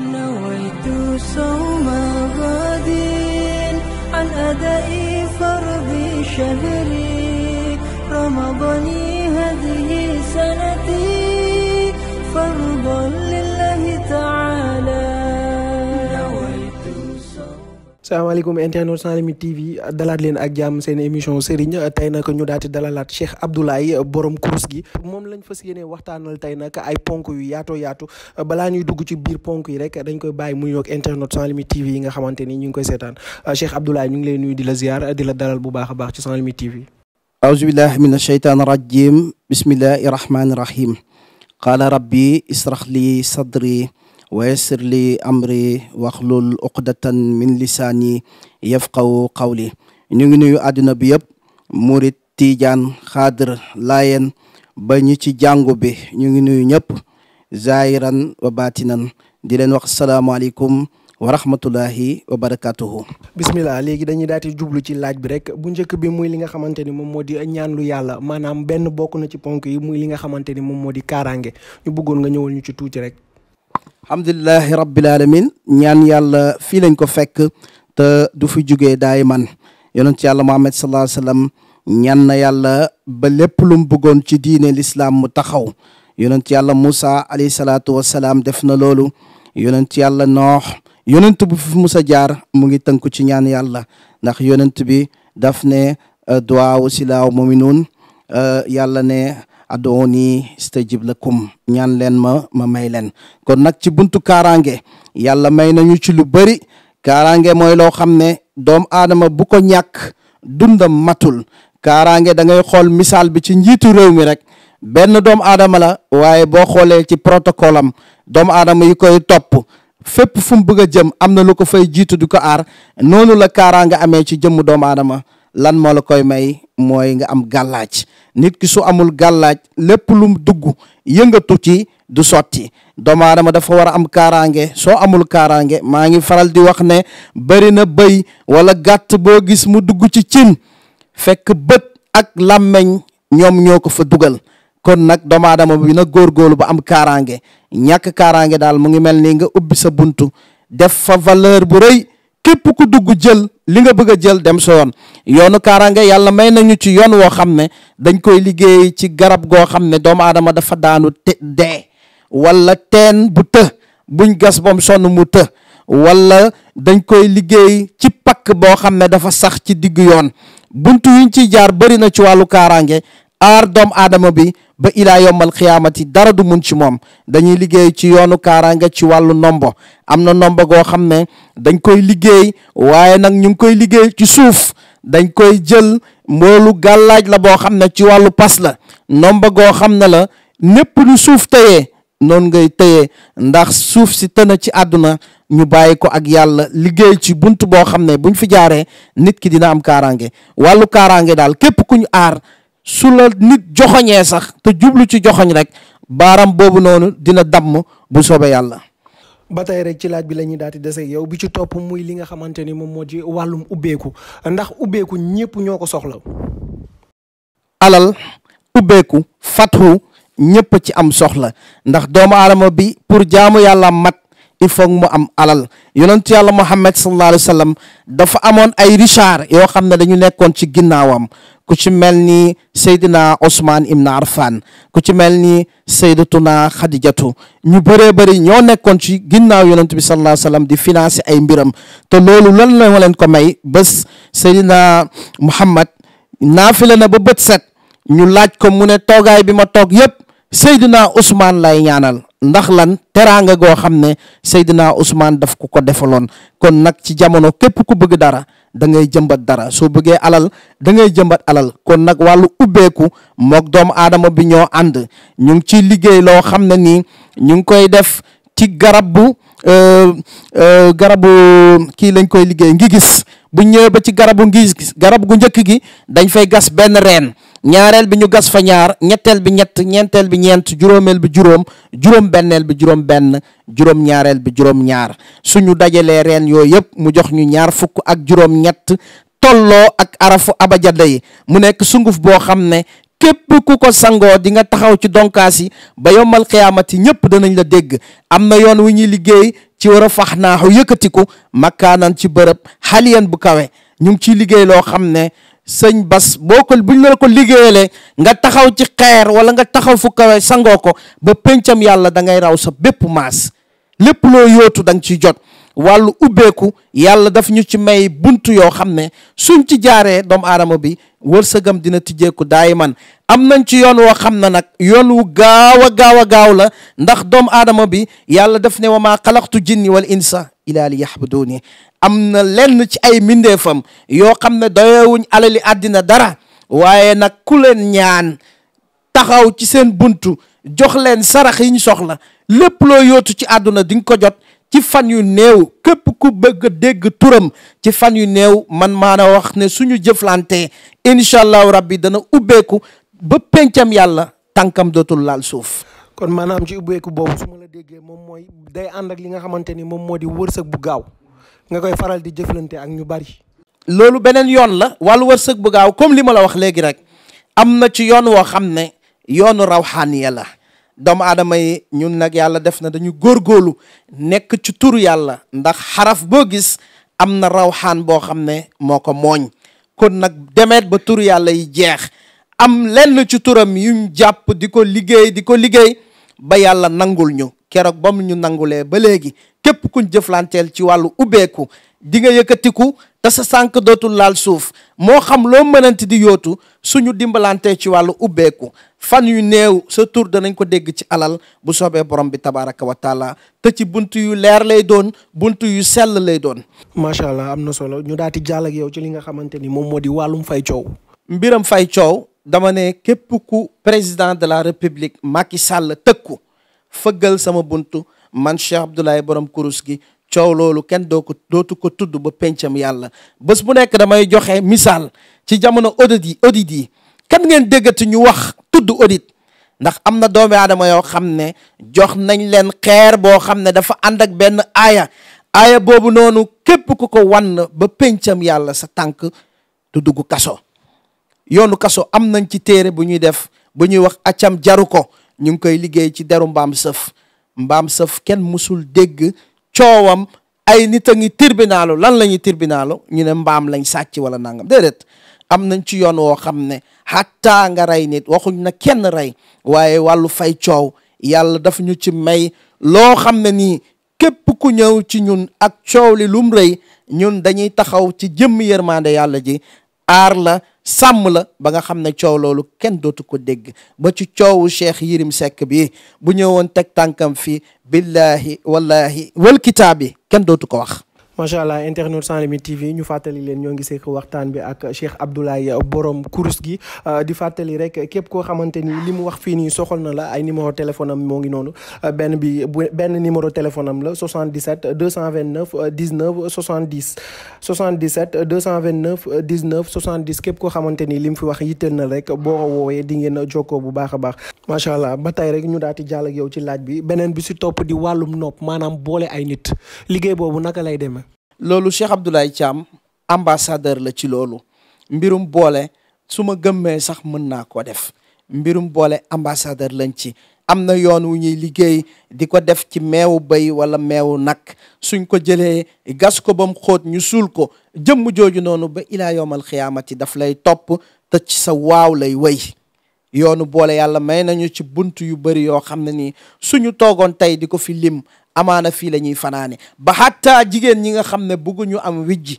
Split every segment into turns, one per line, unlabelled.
نويت صوم غد عن أداء فرض شهري رمضان هذه سنتي salaamaaleykum internet sans limite TV dalaat leen ak jàmm seen émission Serigne tey nag ñu daal di dalalaat Cheikh Abdoulaye borom course gi moom lañ fas yéene waxtaanal tey nag ay ponk yu yaatoo yaatu balaa ñuy dugg ci biir ponk yi rek dañ koy bàyyi muy yoog internet sans limite TV yi nga xamante ni ñu ngi koy seetaan Cheikh Abdoulaye ñu ngi lay nuyu di la ziar di la dalal bu baax a baax ci sans limite TV.
aouzu billahi min ashaytaan rajim bismillahi rahmaani rahim qaala rabbi israh li sadri wa yassir li amri waxlul uqdatan min lisaani yafqahu qawli ñu ngi nuyu àddina bi yëpp murit tiijaan xaadir laayeen ba ñu ci jàngu bi ñu ngi nuyu ñëpp zaahiran wa baatinan di leen wax salaamaaleykum wa rahmatullahi wa barakatuhu
bismillah léegi dañuy daal di jublu ci laaj bi rek bu njëkk bi muy li nga xamante ni moom moo di ñaan lu yàlla maanaam benn bokk na ci ponk yi muy li nga xamante ni moom moo di kaaraange ñu bëggoon nga ñëwal ñu ci tuuti rek
alhamdulilahi rabbil alamin ñaan yàlla fii lañ ko fekk te du fi jugee daay man yonent yàlla muhammad sallallahu alayhi wasallam ñaan yàlla ba lépp lu bëggoon ci diine lislaam mu taxaw yonent yàlla Moussa alayhi salaatu wasalaam def na loolu yonent yàlla noox yonent bu fi jaar mu ngi tënku ci ñaan yàlla ndax yonent bi daf ne duwaawu muminuun yàlla ne adooni stajib lakum ñaan leen ma ma may leen kon nag ci buntu kaaraange yàlla may nañu ci lu bëri kaaraange mooy loo xam ne doom aadama bu ko ñàkk dundam matul kaaraange da ngay xool misaal bi ci njiitu réew mi rek benn doom aadama la waaye boo xoolee ci protocole am doom aadama yi koy topp fépp fu mu bëgg a jëm am na lu ko fay jiitu di ko aar noonu la kaaraange amee ci jëmm doom aadama lan moo la koy may mooy nga am gàllaaj nit ki su amul gàllaaj lépp lum dugg yëngatu ci du sotti doomu dafa war a am kaaraange soo amul kaaraange maa ngi faral di wax ne bëri na bëy wala gàtt boo gis mu dugg ci cin fekk bët ak làmmeñ ñoom ñoo ko fa dugal kon nag doomu aadama bi na góor góorgóorlu ba am kaaraange ñàkk kaaraange daal mu ngi mel ni nga ubbi sa buntu def fa valeur bu rëy képp ku dugg jël li nga bëgg a jël dem sa yoon yoonu kaaraange yàlla may nañu ci yoon woo xam ne dañ koy liggéey ci garab goo xam ne doomu aadama dafa daanu te dee wala teen bu të buñ gas bam sonn mu të wala dañ koy liggéey ci pakk boo xam ne dafa sax ci digg yoon bunt yuñ ciy jaar bëri na ci wàllu kaaraange aar doom aadama bi ba ilaa yombal xiyaamati dara du mun ci moom dañuy liggéey ci yoonu kaaraange ci wàllu nombo am na nombo goo xam ne dañ koy liggéey waaye nag ñu ngi koy liggéey ci suuf dañ koy jël mboolu gàllaaj la boo xam ne ci wàllu pas la nombo goo xam ne la népp lu suuf tëyee noonu ngay tëyee ndax suuf si tëna ci àdduna ñu bàyyi ko ak yàlla liggéey ci bunt boo xam ne buñ fi jaaree nit ki dina am kaaraange wàllu kaaraange daal képp ku ñu aar su la nit joxoñee sax te jublu ci joxoñ rek baaraam boobu noonu dina damm bu soobee yàlla.
ba tey rek ci laaj bi lañuy ñuy daal di dese yow bi ci topp muy li nga xamante ni moom moo ci wàllum
ubbeeku ndax ubbeeku ñëpp ñoo ko soxla. alal ubbeeku fatxu ñëpp ci am soxla ndax doomu aadama bi pour jaamu yàlla mat il foog mu am alal yonent yàlla Muhammad sallallahu alayhi wa dafa amoon ay richard yoo xam ne dañu nekkoon ci ginnaawam ku ci mel ni Seydina Ousmane Ibn Arfan ku ci mel ni Seydatuna Khadijatu ñu bëree bëri ñoo nekkoon ci ginnaaw yonent bi sallallahu alayhi di financer ay mbiram te loolu lan la leen ko may bés Seydina Muhammad naafila na ba bët set ñu laaj ko mu ne toogaay bi ma toog yépp Seydina Ousmane lay ñaanal ndax lan teraanga goo xam ne Seydina Ousmane daf ku ko defaloon kon nag ci jamono képp ku bëgg dara da ngay jëmbat dara soo bëggee alal da ngay jëmbat alal kon nag wàllu ubbeeku mook doomu aadama bi ñoo ànd ñu ci liggéey loo xam ne nii ñu ngi koy def ci garab bu euh, euh, garabu kii lañ koy liggéey ngi gis bu ñëwee ba ci garabu ngi gis garab gu njëkk gi dañ fay gas benn reen ñaareel bi ñu gas fa ñaar ñetteel bi ñett ñeenteel bi ñeent juróomeel bi juróom juróom benneel bi juróom benn juróom ñaareel bi juróom ñaar suñu dajalee reen yooyu yëpp mu jox ñu ñaar fukk ak juróom ñett tolloo ak arafu abajada yi mu nekk sunguf boo xam ne képp ku ko sangoo di nga taxaw ci donkaas yi ba yombal xiyaamati ñëpp danañ la dégg am na yoon wu ñuy liggéey ci war a yëkkati ku yëkkatiku makkaanan ci bërëb xaliyan bu kawe ñu ngi ciy liggéey loo xam ne sëñ bas boo ko buñ la ko liggéeyalee nga taxaw ci xeer wala nga taxaw fu kawe sangoo ko ba pencam yàlla da ngay raw sa bépp maas lépp loo yootu da nga ciy jot wàllu ubbeeku yàlla daf ñu ci may bunt yoo xam ne suñ ci jaaree doomu aadama bi wërsëgam dina tijjeeku daay man am nañ ci yoon woo xam ne nag yoon wu gaaw a gaaw a gaaw la ndax doomu aadama bi yàlla daf ne wa maa xalaqtu jinni wal insa ila li yaxbuduni am na lenn ci ay mbindeefam yoo xam ne doyewuñ alali àddina dara waaye nag ku leen ñaan taxaw ci seen buntu jox leen sarax yi ñu soxla lépp loo yootu ci àdduna di nga ko jot ci fan yu néew képp ku bëgg dégg turam ci fan yu néew man maana wax ne suñu jëflante incha allahu rabbi dana ubbeeku ba pencam yàlla tànkam dootul laal suuf. kon maanaam ci ubbeeku boobu su la déggee
moom mooy day ànd ak li nga xamante ni moom moo di wërsëg bu gaaw. nga koy faral di jëflante ak ñu bari.
loolu beneen yoon la wàllu wërsëg bu gaaw comme li ma la wax léegi rek am na ci yoon woo xam ne yoonu rawxaaniya la doomu aadama yi ñun nag yàlla def na dañu góor góorlu nekk ci turu yàlla ndax xaraf boo gis am na rawxaan boo xam ne moo ko mooñ kon nag demeet ba tur yàlla yi jeex am lenn ci turam yuñ jàpp di ko liggéey di ko liggéey ba yàlla nangul ñu keroog ba mu ñu nangulee ba léegi képp ku jëflanteel ci wàllu ubbeeku di nga yëkkatiku te sa sànq dootul laal suuf moo xam loo mënanti di yootu suñu dimbalantee ci wàllu ubbeeku fan yu néew sa tur danañ ko dégg ci alal bu soobee borom bi tabaraka wa taala te ci bunt yu leer lay doon bunt yu sell lay doon macha allah am na solo ñu daati jàll ak yow ci li nga xamante ni moom moo di wàllum fay coow mbiram fay coow dama ne képp ku président de la république fëggal sama buntu man Cheikh Abdoulaye borom kurus gi coow loolu kenn doo ko dootu ko tudd ba pencam yàlla bés bu nekk damay joxe misaal ci jamono audit yi audit yi kan ngeen déggati ñu wax tudd audit ndax am na doomi aadama yoo xam ne jox nañ leen xeer boo xam ne dafa ànd ak benn aya aya boobu noonu képp ku ko wan ba pencam yàlla sa tànk du dugg kaso yoonu kaso am nañ ci téere bu ñuy def bu ñuy wax acam jaru ko ñu ngi koy liggéey ci deru mbaam sëf mbaam sëf kenn musul dégg coowam ay nit a ngi lan la ñuy ñu ne mbaam lañ sàcc wala nangam déedéet am nañ ci yoon woo xam ne xattaa nga rey nit waxuñ na kenn rey waaye wàllu fay coow yàlla daf ñu ci may loo xam ne nii képp ku ñëw ci ñun ak coow li lum rey ñun dañuy taxaw ci jëmm yërmande yàlla ji aar la sàmm la ba nga xam ne coow loolu kenn dootu ko dégg ba ci coowu Cheikh Yirim Seck bi bu ñëwoon teg tànkam fii billahi wallahi wal kitaabi kenn dootu ko wax
macha allah internet sans limite TV ñu fàttali leen ñoo ngi seq waxtaan bi ak Cheikh Abdoulaye borom kurus gi euh, di fàttali rek képp koo xamante ni li mu wax fii nii soxal na la ay numéro téléphone am moo ngi noonu euh, benn bi benn numéro téléphone am la 77 229 19 70 77 229 19 70 képp koo xamante ni li mu fi wax yitteel na rek boo ko woowee di ngeen jokkoo bu baax a baax macha allah ba tey rek ñu daal di jàll ak yow ci laaj bi beneen bi si topp di wàllum nopp
maanaam boole ay nit liggéey boobu naka lay demee. loolu Cheikh Abdoulaye Thiam ambassadeur la ci loolu mbirum boole su ma gëmmee sax mën naa ko def mbirum boole ambassadeur lañ ci am na yoon wu ñuy liggéey di ko def ci meewu bay wala meewu nag suñ ko jëlee gas ko ba mu xóot ñu suul ko jëmm jooju noonu ba ilaa yowmal xiyaamati daf lay topp te ci sa waaw lay wéy yoonu boole yàlla may nañu ci bunt yu bëri yoo xam ne nii suñu toogoon tey di ko fi lim amaana fii la ñuy fanaane ba xattaa jigéen ñi nga xam ne bëgguñu am wijji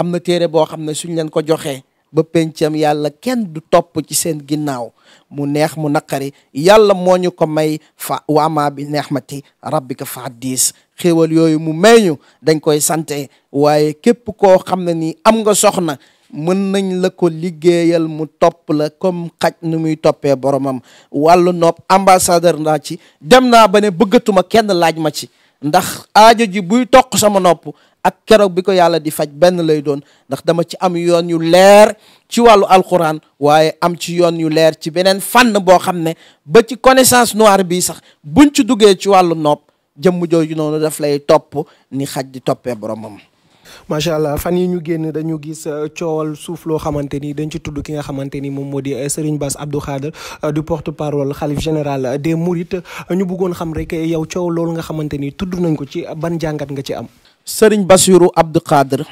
am na téere boo xam ne suñ leen ko joxee ba pencam yàlla kenn du topp ci seen ginnaaw mu neex mu naqari yàlla moo ñu ko may fa waama bi neexmati ko fa diis xéewal yooyu mu may ñu dañ koy sante waaye képp koo xam ne nii am nga soxna mën nañ la ko liggéeyal mu topp la comme xaj nu muy toppee boromam wàllu nopp ambassadeur ndaa ci dem naa ba ne bëggatuma kenn laaj ma ci ndax aajo ji buy toq sama nopp ak keroog bi ko yàlla di faj benn lay doon ndax dama ci am yoon yu leer ci wàllu alxuraan waaye am ci yoon yu leer ci beneen fànn boo xam ne ba ci connaissance noir bi sax buñ ci duggee ci wàllu nopp jëmm jooju noonu daf lay topp ni xaj di toppee boromam macha allah fan yi ñu génn dañu
gis euh, coowal suuf loo xamante ni dañ ci tudd ki nga xamante ni moom moo di euh, Serigne bas Abdou Khadre euh, du porte parole xalif général des Mourides ñu buggoon xam rek yow coow loolu nga xamante ni tudd
nañ ko ci ban jàngat nga ci am. Serigne Bassirou Abdou Khadre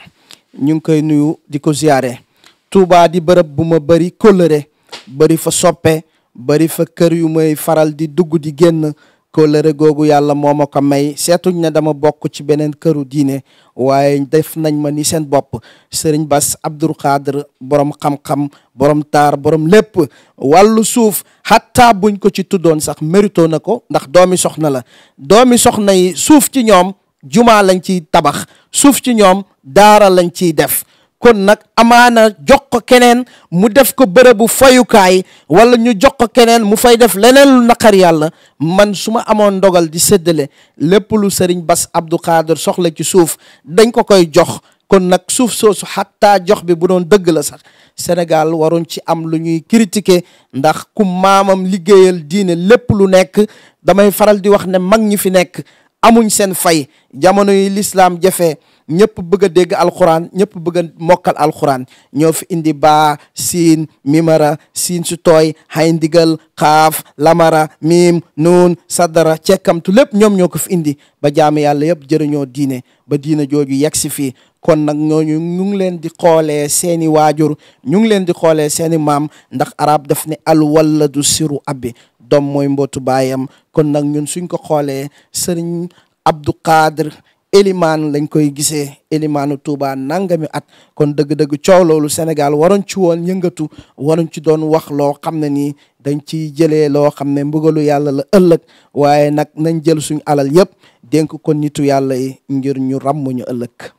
ñu ngi koy nuyu di ko ziare. Touba di bërëb bu ma bëri kóllëre bëri fa soppe bari fa kër yu may faral di dugg di génn. kóllëre googu yàlla moo ma ko may seetuñ ne dama bokk ci beneen këru diine waaye def nañ ma ni seen bopp sëriñ bas Abdou Khadre borom xam-xam borom taar borom lépp wàllu suuf xatta buñ ko ci tuddoon sax mérito na ko ndax doomi soxna la doomi soxna yi suuf ci ñoom jumaa lañ ciy tabax suuf ci ñoom daara lañ ciy def kon nag amaana jox ko keneen mu def ko bërëbu fayukaay wala ñu jox ko keneen mu fay def leneen lu naqar yàlla man su ma amoon ndogal di seddale lépp lu sëriñ Bass Abdou Khadre soxla ci suuf dañ ko koy jox kon nag suuf soosu xatta jox bi bu doon dëgg la sax Sénégal waruñ ci am lu ñuy critiquer ndax ku maamam liggéeyal diine lépp lu nekk damay faral di wax ne mag ñi fi nekk amuñ seen fay jamono yi lislaam jafe ñëpp bëgg dégg alxuraan ñëpp bëgg mokkal alxuraan ñoo fi indi baa siin mimara siin su tooy hay ndigal xaaf lamara miim nuun sadara cekkamtu lépp ñoom ñoo ko fi indi ba jaamu yàlla yëpp jëriñoo diine ba diine jooju yegg si fii kon nag ñooñu ñu ngi leen di xoolee seeni waajur ñu ngi leen di xoolee seeni maam ndax arab daf ne al waladu siru abbi doom mooy mbootu baayam kon nag ñun suñ ko xoolee sëriñ Abdou Khadre élimaan lañ koy gisee élimaanu Touba mi ak kon dëgg-dëgg coow loolu Sénégal waroon ci woon yëngatu waroon ci doon wax loo xam ne nii dañ ciy jëlee loo xam ne mbugalu yàlla la ëllëg waaye nag nañ jël suñu alal yëpp dénk kon nitu yàlla yi ngir ñu ràmm ñu ëllëg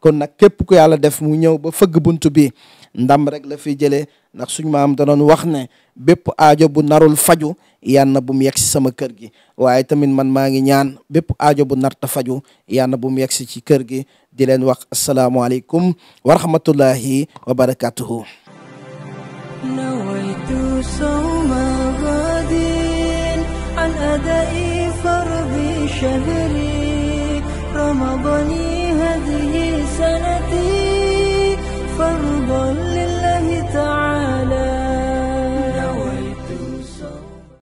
kon nag képp ku yàlla def mu ñëw ba fëgg buntu bi ndam rek la fi jëlee ndax suñ maam da wax ne bépp aajo bu narul faju yal na bu mu yegg sama kër gi waaye tamit man maa ngi ñaan bépp aajo bu narta faju yal na bu mu yegg si ci kër gi di leen wax asalaamualeykum wa rahmatullahi wa barakatuhu
أداء فرض شهري رمضاني